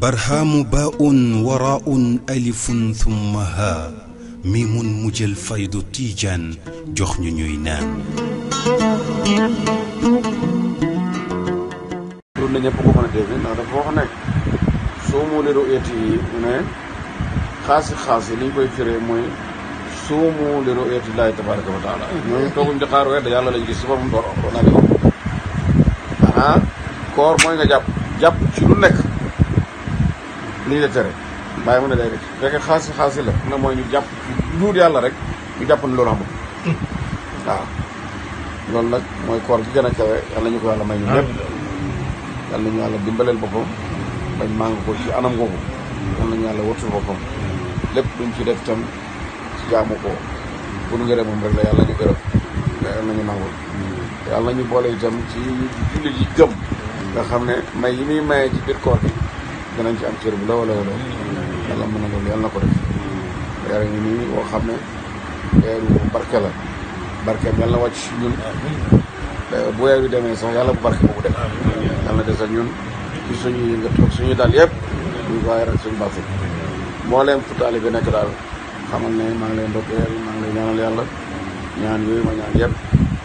برهام باء وراء ألف ثم ها ميم مجل فيض تيجان جخن نينان رنا ñepp ko mëna dégg ndax dafa wax ne suumu li ru'yati mu ne xaasi xaasi li koy firé mooy suumu li ru'yati llahi tabaraka wa taala ñooñu tooguñ di xaar weer yàlla lañ gis si borom door naa ah koor mooy nga jàpp jàpp ci lu nekk li ñu la tere bàyyi mu ne day def fekkee xaasi xaasi la na mooy ñu jàpp ci yàlla rek ñu jàpp ne loolu amul hmm. waaw loolu nag mooy koor gi gën a kawe yàlla ñu ko yàlla may ñu lépp yàlla nañu yàlla dimbaleel boppam bañ màng ko ci anam googu yàlla nañu yàlla wattul boppam hmm. lépp duñ ci def tam jaamu ko bu ñu ngërëm moom rek la yàlla ñu gërëm yàlla ñu boole itam ci jullit yi gëm nga xam ne may yi muy mayee ci biir koor bi danañ ci am cër bu la wala wala yàlla mën na loolu yàlla na ko def weer ngi xam ne weeru barke la barke yàlla na wàcc si ñun bu weer bi demee sox yàlla bu barke boobu def yàlla na des ak ñun ci suñu dal ak suñu daal yëpp ñu waaye rek suñu barke moo leen fu taali bi nekk daal xamal ne maa ngi lay ndokkeel maa ngi lay yàlla ñaan yooyu ma ñaan yëpp